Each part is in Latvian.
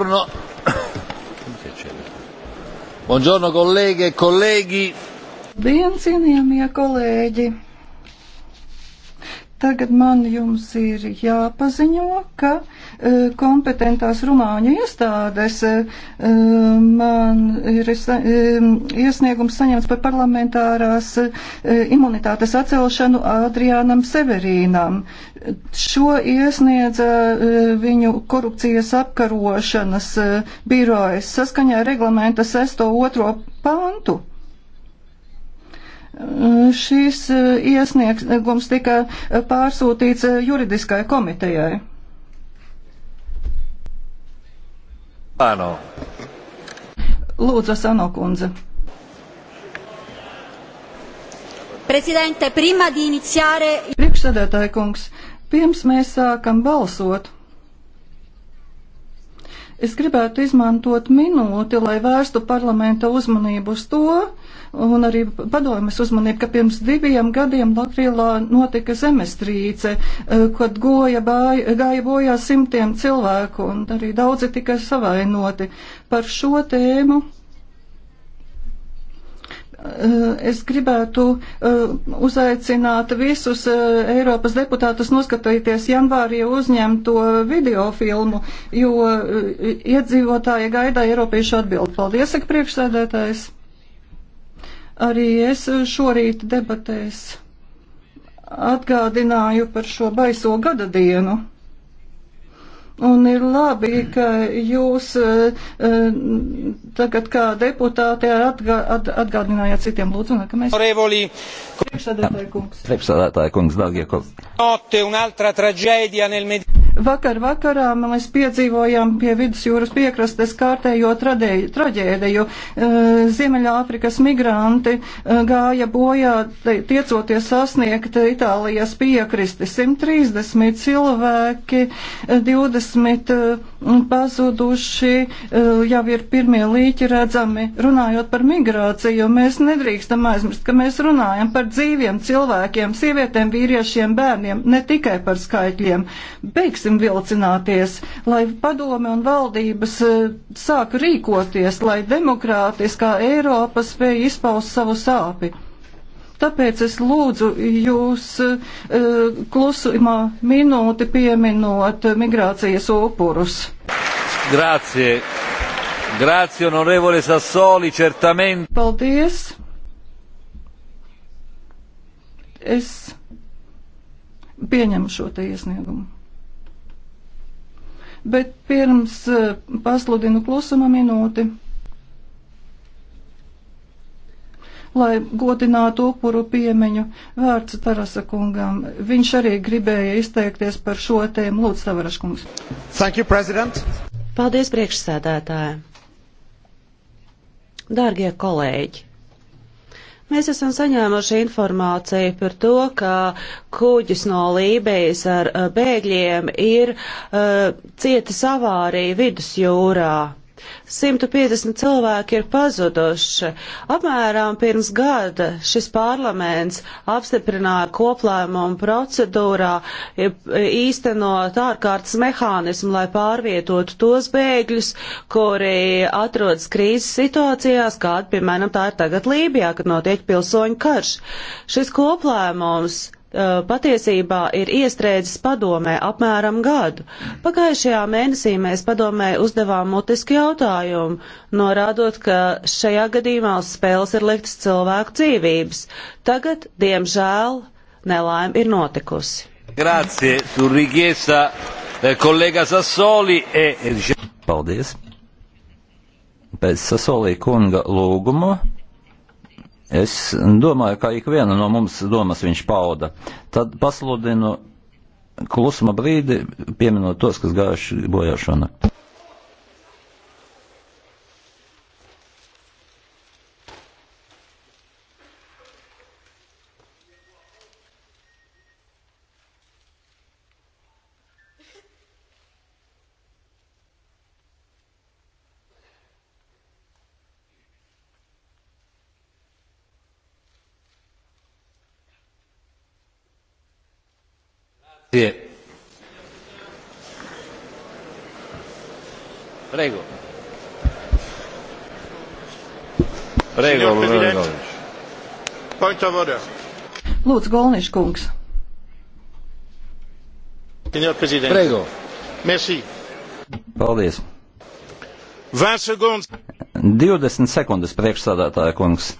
aprono. Buongiorno colleghe e colleghi. Labdien, cienījamie kolēģi! Tagad man jums ir jāpaziņo, ka e, kompetentās Rumāņu iestādes e, man ir e, iesniegums saņemts par parlamentārās imunitātes atcelšanu Adriānam Severīnam. Šo iesniedza viņu korupcijas apkarošanas birojas saskaņā reglamenta 6.2. pantu. Šis eh, iesniegums tika eh, pārsūtīts eh, juridiskai komitejai. Ano. Lūdzu, Sano kundze. Prezidente, prima di iniziare... Priekšsēdētāji kungs, pirms mēs sākam balsot, Es gribētu izmantot minūti, lai vērstu parlamenta uzmanību uz to, un arī padomjas uzmanību, ka pirms diviem gadiem Latvijā notika zemestrīce, eh, kad goja bāja, gāja bojā simtiem cilvēku, un arī daudzi tika savainoti par šo tēmu Eh, es gribētu eh, uzaicināt visus eh, Eiropas deputātus noskatīties janvārī uzņemto videofilmu, jo iedzīvotāji gaida Eiropiešu atbildi. Paldies, saka priekšsēdētājs. Arī es šorīt debatēs atgādināju par šo baiso gada dienu. Un ir labi, ka jūs eh, eh, tagad kā deputāti atgādinājāt citiem lūdzu, ka mēs. Orevoli. Priekšsēdētāji kungs. Priekšsēdētāji kungs, dārgie kungs. Notte un'altra tragedia nel Mediterraneo. Vakar vakarā mēs piedzīvojām pie vidusjūras piekrastes kārtējo tradēju, traģēdiju. E, Ziemeļāfrikas migranti e, gāja bojā, tiecoties sasniegt Itālijas piekristi. 130 cilvēki, 20 e, pazuduši, jau ir pirmie līķi redzami. Runājot par migrāciju, mēs nedrīkstam aizmirst, ka mēs runājam par dzīviem cilvēkiem, sievietēm, vīriešiem, bērniem, ne tikai par skaitļiem. Beigsim nedrīkstam vilcināties, lai padome un valdības e, sāka rīkoties, lai demokrātiskā Eiropa spēja izpaust savu sāpi. Tāpēc es lūdzu jūs e, klusumā minūti pieminot migrācijas upurus. Grācie. Grācie, onorevole Sassoli, certamente. Paldies. Es pieņemu šo te iesniegumu bet pirms eh, pasludinu klusuma minūti. Lai godinātu upuru piemiņu vērts Tarasa kungam, viņš arī gribēja izteikties par šo tēmu. Lūdzu, Savaraškungs. Thank you, President. Paldies, priekšsēdētāji. Dārgie kolēģi, Mēs esam saņēmuši informāciju par to, ka kuģis no Lībijas ar bēgļiem ir uh, cietis avārija vidusjūrā. 150 cilvēki ir pazuduši. Apmēram pirms gada šis parlaments apstiprināja koplēmumu procedūrā īstenot ārkārtas mehānismu, lai pārvietotu tos bēgļus, kuri atrodas krīzes situācijās, kāda, piemēram, tā ir tagad Lībijā, kad notiek pilsoņu karš. Šis koplēmums Eh, patiesībā ir iestrēdzis padomē apmēram gadu. Pagājušajā mēnesī mēs padomē uzdevām mutisku jautājumu, norādot, ka šajā gadījumā uz spēles ir liktas cilvēku dzīvības. Tagad, diemžēl, nelaime ir notikusi. Grazie, su richiesta kolēga eh, Sassoli e... Paldies. Pēc Sasolī kunga lūgumu Es domāju, ka ikviena no mums domas viņš pauda. Tad pasludinu klusuma brīdi, pieminot tos, kas gājuši bojāšana. Sì. Prego. Prego, Point of order. Lūdzu, Golniš kungs. Signor Presidente. Prego. Merci. Paldies. 20 sekundes priekšsādātāja kungs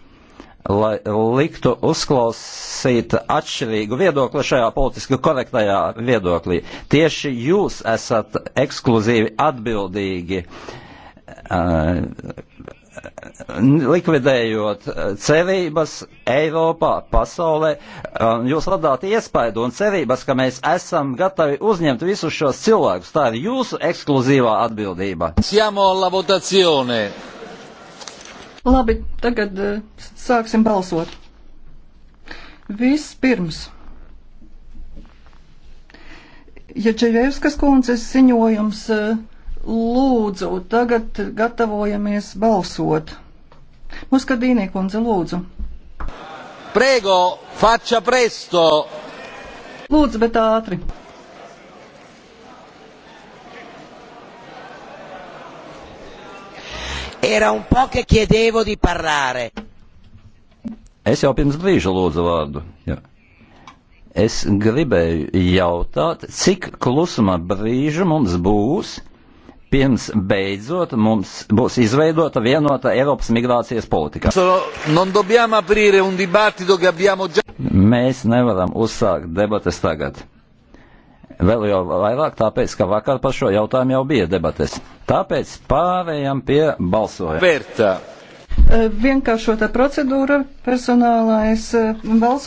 lai liktu uzklausīt atšķirīgu viedokli šajā politiski korektajā viedoklī. Tieši jūs esat ekskluzīvi atbildīgi eh, likvidējot cerības Eiropā, pasaulē, jūs radāt iespaidu un cerības, ka mēs esam gatavi uzņemt visus šos cilvēkus. Tā ir jūsu ekskluzīvā atbildība. Siamo alla votazione. Labi, tagad eh, sāksim balsot. Vispirms. Ja Čeļevskas kundzes ziņojums eh, lūdzu, tagad gatavojamies balsot. Muskadīnī kundze lūdzu. Prego, faccia presto! Lūdzu, bet ātri! Era un po' che chiedevo di parlare. Es jau pirms brīža lūdzu vārdu. Jā. Es gribēju jautāt, cik klusuma brīža mums būs, pirms beidzot mums būs izveidota vienota Eiropas migrācijas politika. Mēs nevaram uzsākt debates tagad. Vēl jau vairāk tāpēc, ka vakar par šo jautājumu jau bija debates. Tāpēc pārējām pie balsojuma. Vērtā. Vienkāršota procedūra, personālais eh, balsojums.